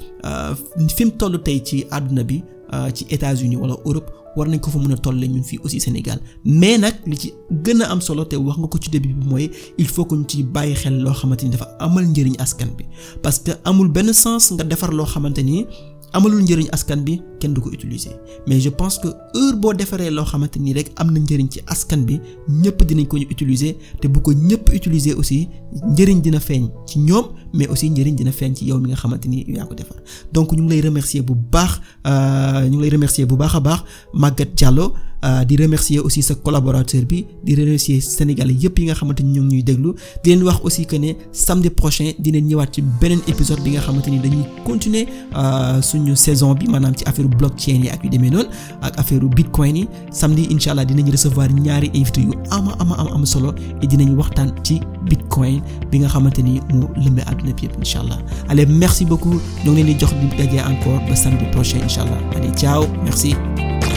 fi mu toll tey ci àdduna bi. Euh, ci États-Unis wala Europe war nañ ko fa mën a tolle ñun fii aussi Sénégal mais nag li ci gën a am solo te wax nga ko ci début bi mooy il faut que ñu ci bàyyi xel loo xamante ni dafa amal njëriñ askan bi parce que amul benn sens nga defar loo xamante ni. amalul njëriñ askan bi kenn du ko utiliser mais je pense que heure boo defaree loo xamante ni rek am na njëriñ ci askan bi ñëpp dinañ ko ñu utiliser te bu ko ñëpp utiliser aussi njëriñ dina feeñ ci ñoom mais aussi njëriñ dina feeñ ci yow mi nga xamante ni yaa ko defar donc ñu ngi lay remercier bu baax euh, ñu ngi lay bu baax a baax Maguette Diallo. Euh, di remercier aussi sa collaborateur bi di remercier sénégal yëpp yi nga xamante ni ñoo ngi ñuy déglu di leen wax aussi que ne samedi prochain dina ñëwaat ci beneen épisode bi nga xamante ni dañuy continuer euh, suñu saison bi maanaam ci affaire blockchain yi ak yu demee noonu ak affaire bitcoin yi samedi incha allah dinañ recevoir ñaari invité yu ama ama am am solo et dinañ waxtaan ci bitcoin bi nga xamante ni mu lëmbee àdduna bi yëpp incha allah allez merci beaucoup ñoo ngi di jox di daje encore ba samedi prochain incha allah